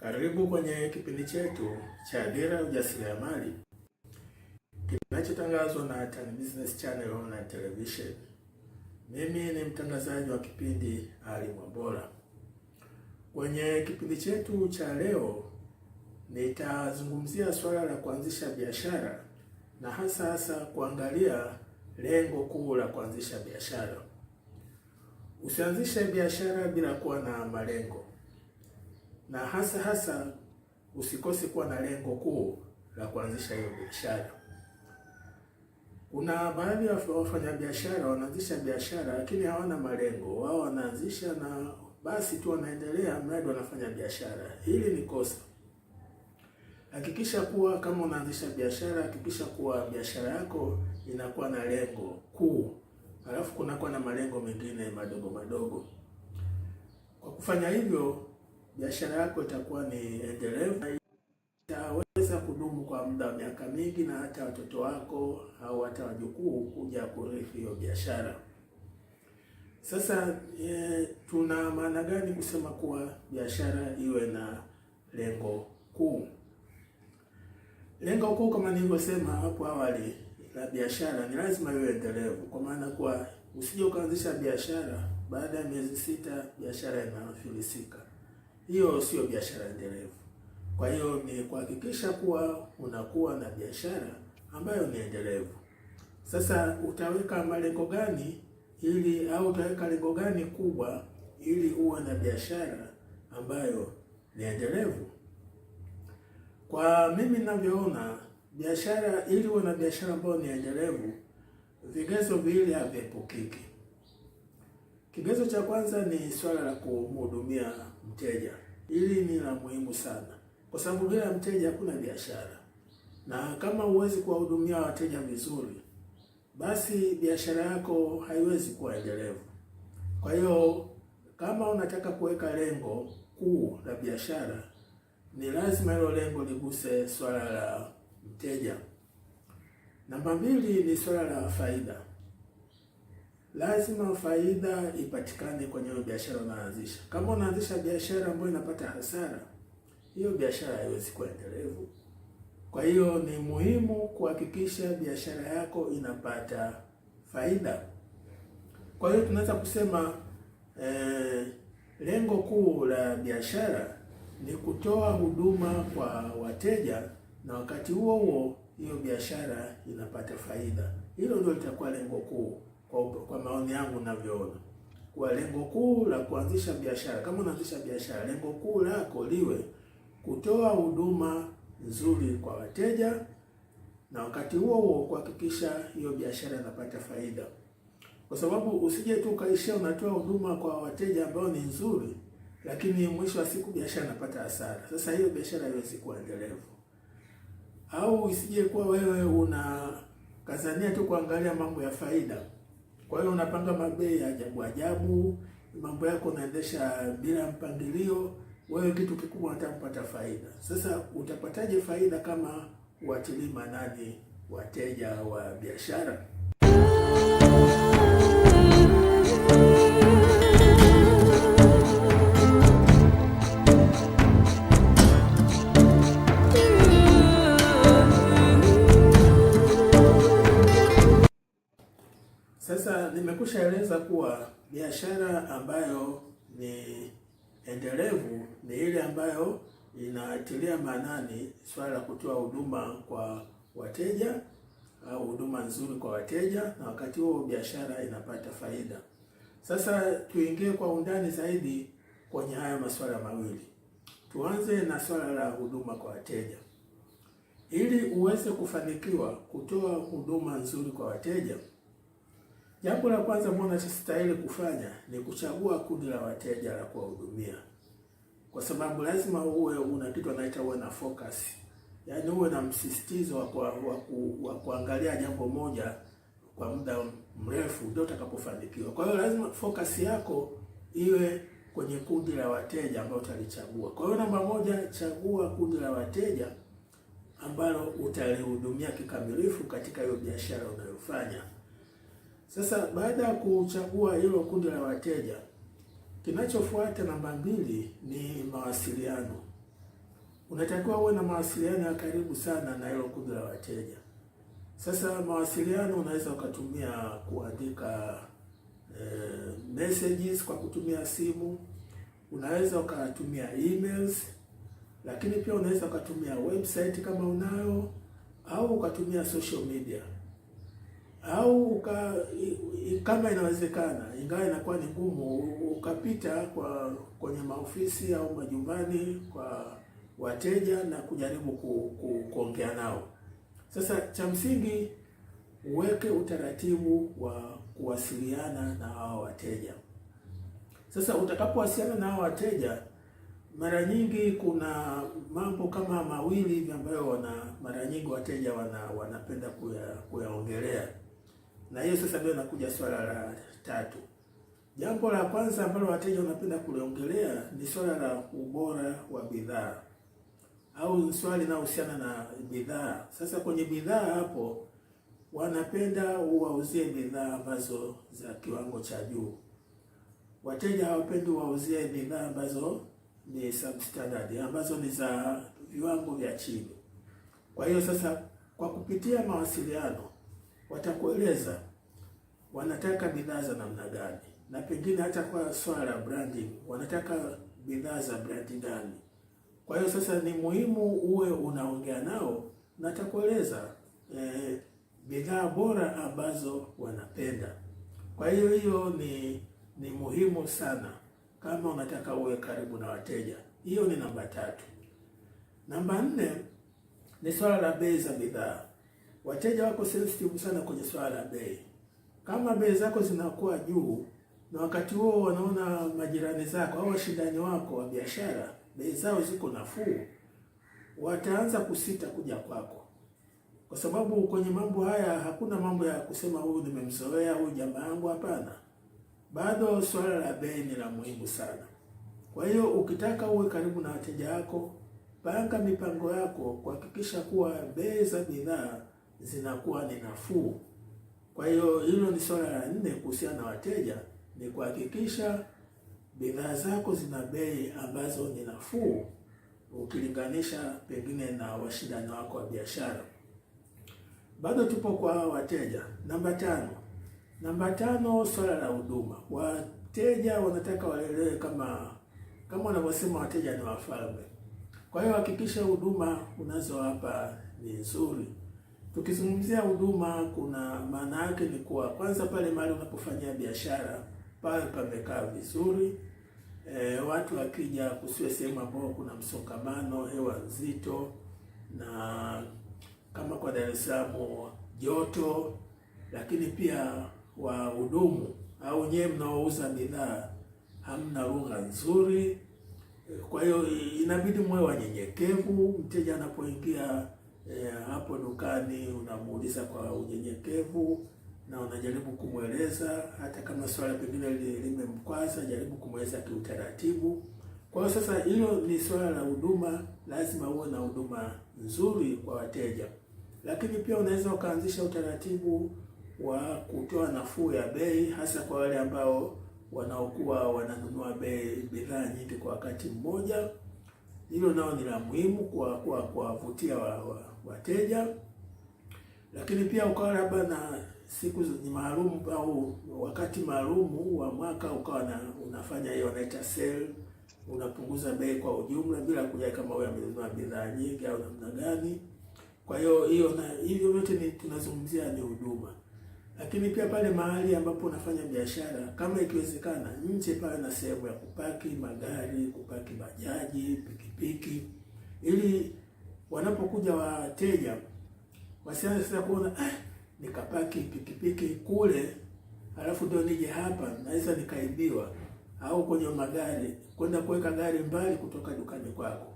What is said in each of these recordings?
Karibu kwenye kipindi chetu cha Dira ya Ujasiriamali kinachotangazwa na Tan Business Channel na Television. Mimi ni mtangazaji wa kipindi Ali Mwambola. Kwenye kipindi chetu cha leo nitazungumzia swala la kuanzisha biashara na hasa hasa kuangalia lengo kuu la kuanzisha biashara. Usianzishe biashara bila kuwa na malengo na hasa hasa usikose kuwa na lengo kuu la kuanzisha hiyo biashara. Kuna baadhi ya wafanyabiashara wanaanzisha biashara lakini hawana malengo, wao wanaanzisha na basi tu wanaendelea mradi wanafanya biashara. Hili ni kosa. Hakikisha kuwa kama unaanzisha biashara, hakikisha kuwa biashara yako inakuwa na lengo kuu, alafu kunakuwa na malengo mengine madogo madogo. Kwa kufanya hivyo biashara yako itakuwa ni endelevu, itaweza kudumu kwa muda wa miaka mingi, na hata watoto wako au hata wajukuu kuja kurithi hiyo biashara. Sasa e, tuna maana gani kusema kuwa biashara iwe na lengo kuu? Lengo kuu kama nilivyosema hapo awali la biashara ni lazima iwe endelevu, kwa maana kuwa usije ukaanzisha biashara baada ya miezi sita biashara inafilisika hiyo sio biashara endelevu. Kwa hiyo ni kuhakikisha kuwa unakuwa na biashara ambayo ni endelevu. Sasa utaweka malengo gani ili au utaweka lengo gani kubwa ili uwe na biashara ambayo ni endelevu? Kwa mimi ninavyoona, biashara ili uwe na biashara ambayo ni endelevu, vigezo viwili haviepukiki. Kigezo cha kwanza ni swala la kumhudumia mteja. Hili ni la muhimu sana, kwa sababu bila mteja hakuna biashara, na kama huwezi kuwahudumia wateja vizuri, basi biashara yako haiwezi kuwa endelevu. Kwa hiyo kama unataka kuweka lengo kuu la biashara, ni lazima hilo lengo liguse swala la mteja. Namba mbili ni swala la faida lazima faida ipatikane kwenye hiyo biashara unaanzisha. Kama unaanzisha biashara ambayo inapata hasara, hiyo biashara haiwezi kuwa endelevu. Kwa hiyo ni muhimu kuhakikisha biashara yako inapata faida. Kwa hiyo tunaweza kusema eh, lengo kuu la biashara ni kutoa huduma kwa wateja na wakati huo huo hiyo biashara inapata faida. Hilo ndio litakuwa lengo kuu kwa, kwa maoni yangu ninavyoona, kwa lengo kuu la kuanzisha biashara, kama unaanzisha biashara, lengo kuu lako liwe kutoa huduma nzuri kwa wateja na wakati huo huo kuhakikisha hiyo biashara inapata faida, kwa sababu usije tu ukaishia unatoa huduma kwa wateja ambao ni nzuri, lakini mwisho wa siku biashara inapata hasara. Sasa hiyo biashara haiwezi kuwa endelevu. Au isije kuwa wewe una kazania tu kuangalia mambo ya faida kwa hiyo unapanga mabei ya ajabu ajabu, mambo yako unaendesha bila mpangilio. Wewe kitu kikubwa unataka kupata faida. Sasa utapataje faida kama watilii maanani wateja wa biashara? tumeeleza kuwa biashara ambayo ni endelevu ni ile ambayo inatilia maanani swala la kutoa huduma kwa wateja au huduma nzuri kwa wateja, na wakati huo biashara inapata faida. Sasa tuingie kwa undani zaidi kwenye haya masuala mawili. Tuanze na swala la huduma kwa wateja. Ili uweze kufanikiwa kutoa huduma nzuri kwa wateja Jambo la kwanza chastahili kufanya ni kuchagua kundi la wateja la kuwahudumia, kwa sababu lazima uwe una kitu anaita uwe na focus, yaani uwe na msisitizo wa wa kuangalia jambo moja kwa muda mrefu, ndio utakapofanikiwa. Kwa hiyo lazima focus yako iwe kwenye kundi la wateja ambao utalichagua. Kwa hiyo namba moja, chagua kundi la wateja ambalo utalihudumia kikamilifu katika hiyo biashara unayofanya. Sasa baada ya kuchagua hilo kundi la wateja, kinachofuata namba mbili ni mawasiliano. Unatakiwa uwe na mawasiliano ya karibu sana na hilo kundi la wateja. Sasa mawasiliano unaweza ukatumia kuandika e, messages kwa kutumia simu, unaweza ukatumia emails, lakini pia unaweza ukatumia website kama unayo, au ukatumia social media au uka, kama inawezekana, ingawa inakuwa ni ngumu, ukapita kwa kwenye maofisi au majumbani kwa wateja na kujaribu ku, ku, kuongea nao. Sasa cha msingi uweke utaratibu wa kuwasiliana na hao wateja. Sasa utakapowasiliana na hao wateja, mara nyingi kuna mambo kama mawili hivi ambayo wana mara nyingi wateja wana, wanapenda kuyaongelea kuya na hiyo sasa ndio inakuja swala la tatu. Jambo la kwanza ambalo wateja wanapenda kuliongelea ni swala la ubora wa bidhaa au swali linalohusiana na, na bidhaa. Sasa kwenye bidhaa hapo wanapenda uwauzie bidhaa ambazo za kiwango cha juu. Wateja hawapendi uwauzie bidhaa ambazo ni substandard, ambazo ni za viwango vya chini. Kwa hiyo sasa, kwa kupitia mawasiliano watakueleza wanataka bidhaa za namna gani, na pengine hata kwa swala la branding wanataka bidhaa za brandi gani. Kwa hiyo sasa ni muhimu uwe unaongea nao na atakueleza e, eh, bidhaa bora ambazo wanapenda. Kwa hiyo hiyo ni ni muhimu sana kama unataka uwe karibu na wateja. Hiyo ni namba tatu. Namba nne ni swala la bei za bidhaa. Wateja wako sensitive sana kwenye swala la bei. Kama bei zako zinakuwa juu na wakati huo wanaona majirani zako au washindani wako wa biashara bei zao ziko nafuu, wataanza kusita kuja kwako, kwa sababu kwenye mambo haya hakuna mambo ya kusema huyu nimemzoea, huyu jamaa yangu. Hapana, bado swala la bei ni la muhimu sana. Kwa hiyo ukitaka uwe karibu na wateja wako, panga mipango yako kuhakikisha kuwa bei za bidhaa zinakuwa ni nafuu. Kwa hiyo hilo ni swala la nne kuhusiana na wateja, ni kuhakikisha bidhaa zako zina bei ambazo ni nafuu ukilinganisha pengine na washindani wako wa biashara. Bado tupo kwa wateja. Namba tano, namba tano, swala la huduma. Wateja wanataka waelewe kama kama wanavyosema wateja ni wafalme. Kwa hiyo hakikisha huduma unazowapa ni nzuri. Tukizungumzia huduma, kuna maana yake ni kuwa kwanza, pale mahali unapofanyia biashara pale pamekaa vizuri e, watu wakija, kusiwe sehemu ambayo kuna msongamano, hewa nzito, na kama kwa Dar es Salaam joto, lakini pia wahudumu au nyewe mnaouza bidhaa hamna lugha nzuri. Kwa hiyo inabidi mwe wanyenyekevu, mteja anapoingia eh, hapo dukani unamuuliza kwa unyenyekevu na unajaribu kumweleza, hata kama swala pengine limemkwaza, jaribu kumweleza kiutaratibu. Kwa hiyo sasa, hilo ni swala la huduma, lazima uwe na huduma nzuri kwa wateja, lakini pia unaweza ukaanzisha utaratibu wa kutoa nafuu ya bei, hasa kwa wale ambao wanaokuwa wananunua bei bidhaa nyingi kwa wakati mmoja. Hilo nao ni la muhimu kwa kuwavutia wa, wa wateja, lakini pia ukawa labda na siku zenye maalum au wakati maalum wa mwaka ukawa na unafanya hiyo naita sale, unapunguza bei kwa ujumla bila kujali kama wewe amenunua bidhaa nyingi au namna gani. Kwa hiyo hiyo na hivyo vyote ni tunazungumzia ni huduma, lakini pia pale mahali ambapo unafanya biashara, kama ikiwezekana nje pale na sehemu ya kupaki magari, kupaki bajaji, pikipiki, ili wanapokuja wateja wasianze sasa kuona eh, nikapaki pikipiki kule alafu ndio nije hapa naweza nikaibiwa, au kwenye magari kwenda kuweka gari mbali kutoka dukani kwako.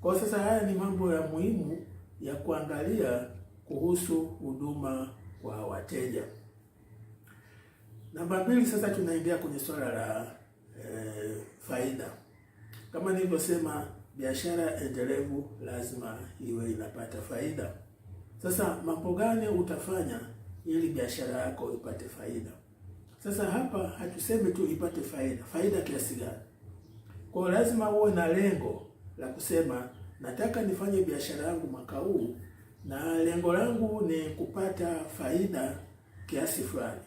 Kwa sasa haya ni mambo ya muhimu ya kuangalia kuhusu huduma kwa wateja. Namba mbili, sasa tunaingia kwenye swala la e, faida. Kama nilivyosema biashara endelevu lazima iwe inapata faida. Sasa mambo gani utafanya ili biashara yako ipate faida? Sasa hapa hatusemi tu ipate faida, faida kiasi gani? Kwa lazima uwe na lengo la kusema nataka nifanye biashara yangu mwaka huu na lengo langu ni kupata faida kiasi fulani.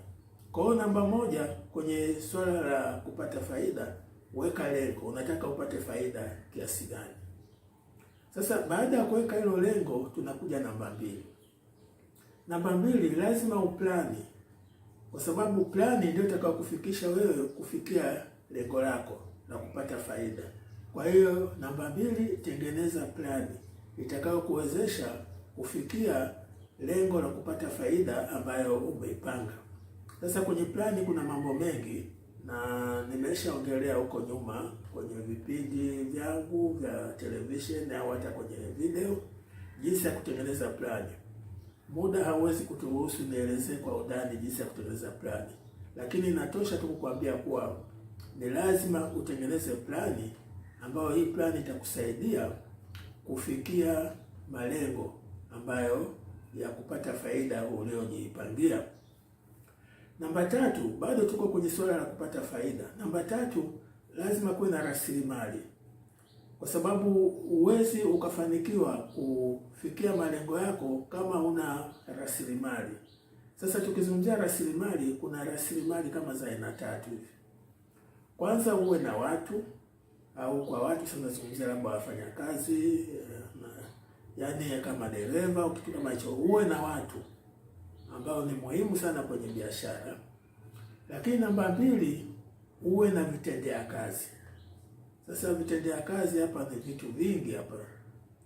Kwa hiyo namba moja kwenye swala la kupata faida weka lengo, unataka upate faida kiasi gani? Sasa baada ya kuweka hilo lengo, tunakuja namba mbili. Namba mbili, lazima uplani, kwa sababu plani ndio itakao kufikisha wewe kufikia lengo lako na kupata faida. Kwa hiyo namba mbili, tengeneza plani itakayo kuwezesha kufikia lengo la kupata faida ambayo umeipanga. Sasa kwenye plani kuna mambo mengi na nimeshaongelea huko nyuma kwenye vipindi vyangu vya television au hata kwenye video jinsi ya kutengeneza plani. Muda hauwezi kuturuhusu nielezee kwa undani jinsi ya kutengeneza plani, lakini natosha tu kukwambia kuwa ni lazima utengeneze plani ambayo hii plani itakusaidia kufikia malengo ambayo ya kupata faida uliyojipangia. Namba tatu, bado tuko kwenye suala la kupata faida. Namba tatu, lazima kuwe na rasilimali, kwa sababu huwezi ukafanikiwa kufikia malengo yako kama una rasilimali. Sasa tukizungumzia rasilimali, kuna rasilimali kama za aina tatu hivi. Kwanza uwe na watu au kwa watu sasa labda wafanyakazi, yaani kama dereva, kitu kama hicho, uwe na watu ambao ni muhimu sana kwenye biashara. Lakini namba mbili, uwe na vitendea kazi. Sasa vitendea kazi hapa ni vitu vingi hapa,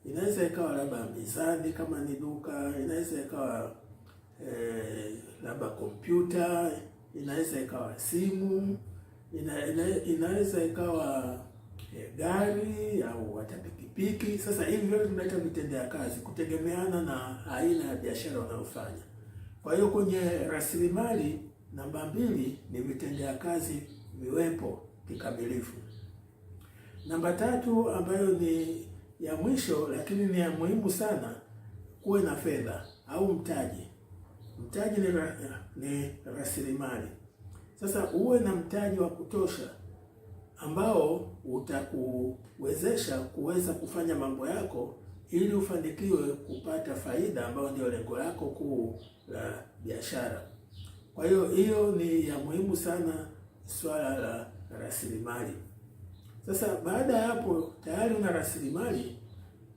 inaweza ikawa labda mizani kama ni duka, inaweza ikawa eh, labda kompyuta, inaweza ikawa simu, ina, ina, inaweza ikawa eh, gari au hata pikipiki. Sasa hivi vyote tunaita vitendea kazi, kutegemeana na aina ya biashara unayofanya. Kwa hiyo kwenye rasilimali namba mbili ni vitendea kazi viwepo kikamilifu. Namba tatu ambayo ni ya mwisho lakini ni ya muhimu sana, kuwe na fedha au mtaji. Mtaji ni, ra, ni rasilimali. Sasa uwe na mtaji wa kutosha ambao utakuwezesha kuweza kufanya mambo yako ili ufanikiwe kupata faida ambayo ndio lengo lako kuu la biashara. Kwa hiyo hiyo ni ya muhimu sana, swala la rasilimali. Sasa baada ya hapo tayari una rasilimali,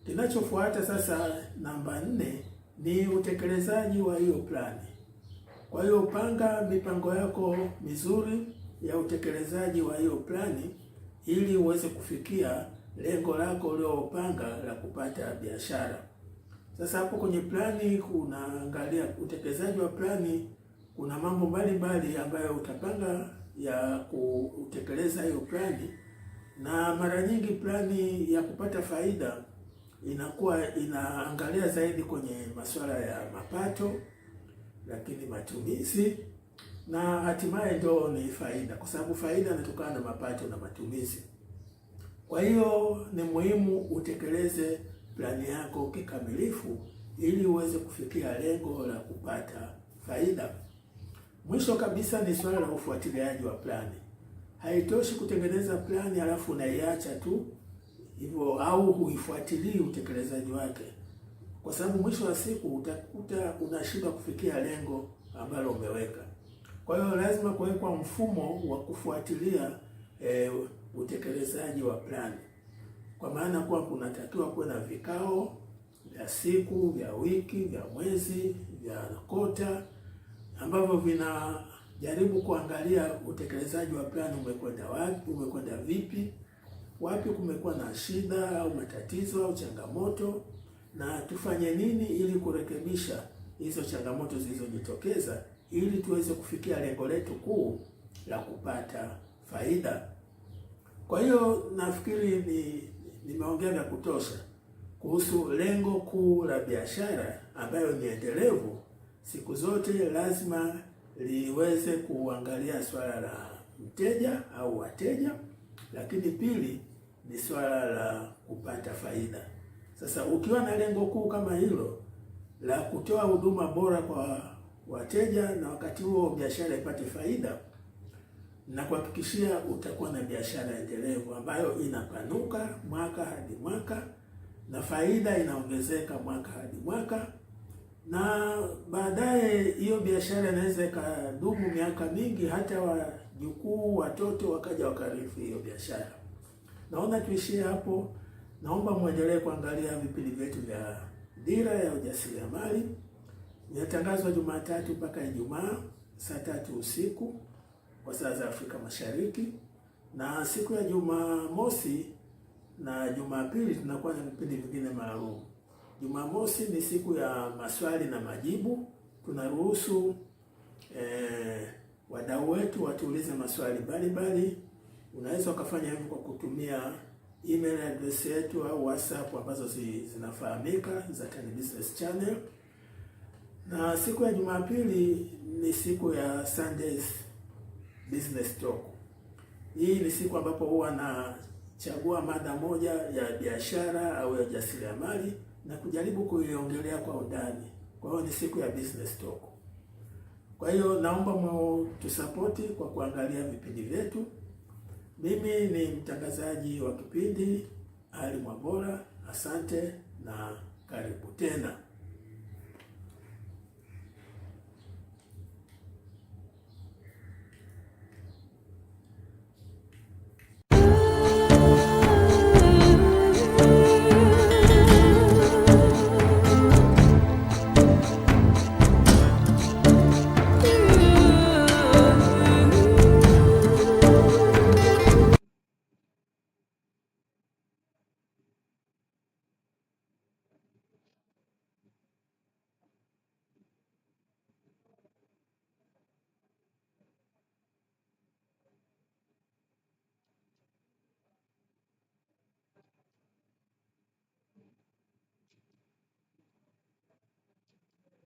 kinachofuata sasa, namba nne ni utekelezaji wa hiyo plani. Kwa hiyo panga mipango yako mizuri ya utekelezaji wa hiyo plani ili uweze kufikia lengo lako uliopanga la kupata biashara. Sasa hapo kwenye plani kunaangalia utekelezaji wa plani, kuna mambo mbalimbali ambayo utapanga ya kutekeleza hiyo plani, na mara nyingi plani ya kupata faida inakuwa inaangalia zaidi kwenye masuala ya mapato, lakini matumizi na hatimaye ndio ni faida, kwa sababu faida inatokana na mapato na matumizi. Kwa hiyo ni muhimu utekeleze plani yako kikamilifu ili uweze kufikia lengo la kupata faida. Mwisho kabisa ni swala la ufuatiliaji wa plani. Haitoshi kutengeneza plani halafu unaiacha tu hivyo au huifuatilii utekelezaji wake, kwa sababu mwisho wa siku utakuta unashindwa kufikia lengo ambalo umeweka. Kwa hiyo lazima kuwekwa mfumo wa kufuatilia eh, utekelezaji wa plani, kwa maana kuwa kunatakiwa kuwe na vikao vya siku, vya wiki, vya mwezi, vya kota ambavyo vinajaribu kuangalia utekelezaji wa plani umekwenda wapi, umekwenda vipi, wapi kumekuwa na shida au matatizo au changamoto, na tufanye nini ili kurekebisha hizo changamoto zilizojitokeza, ili tuweze kufikia lengo letu kuu la kupata faida kwa hiyo nafikiri ni nimeongea vya kutosha kuhusu lengo kuu la biashara ambayo ni endelevu. Siku zote lazima liweze kuangalia swala la mteja au wateja, lakini pili ni swala la kupata faida. Sasa ukiwa na lengo kuu kama hilo la kutoa huduma bora kwa wateja na wakati huo biashara ipate faida, na kuhakikishia utakuwa na biashara endelevu ambayo inapanuka mwaka hadi mwaka na faida inaongezeka mwaka hadi mwaka, na baadaye hiyo biashara inaweza ikadumu miaka mingi, hata wajukuu, watoto wakaja wakarithi hiyo biashara. Naona tuishie hapo. Naomba mwendelee kuangalia vipindi vyetu vya Dira ya Ujasiriamali, vinatangazwa Jumatatu mpaka Ijumaa saa tatu usiku kwa saa za Afrika Mashariki, na siku ya Jumamosi na Jumapili tunakuwa na vipindi vingine maalum. Jumamosi ni siku ya maswali na majibu, tunaruhusu eh, wadau wetu watuulize maswali mbalimbali. Unaweza ukafanya hivyo kwa kutumia email address yetu au WhatsApp ambazo zinafahamika za Tan Business Channel. Na siku ya Jumapili ni siku ya Sundays business talk. Hii ni siku ambapo huwa nachagua mada moja ya biashara au ya ujasiriamali na kujaribu kuiongelea kwa undani. Kwa hiyo ni siku ya business talk. Kwa hiyo naomba mtusapoti kwa kuangalia vipindi vyetu. Mimi ni mtangazaji wa kipindi Ali Mwambola. Asante na karibu tena.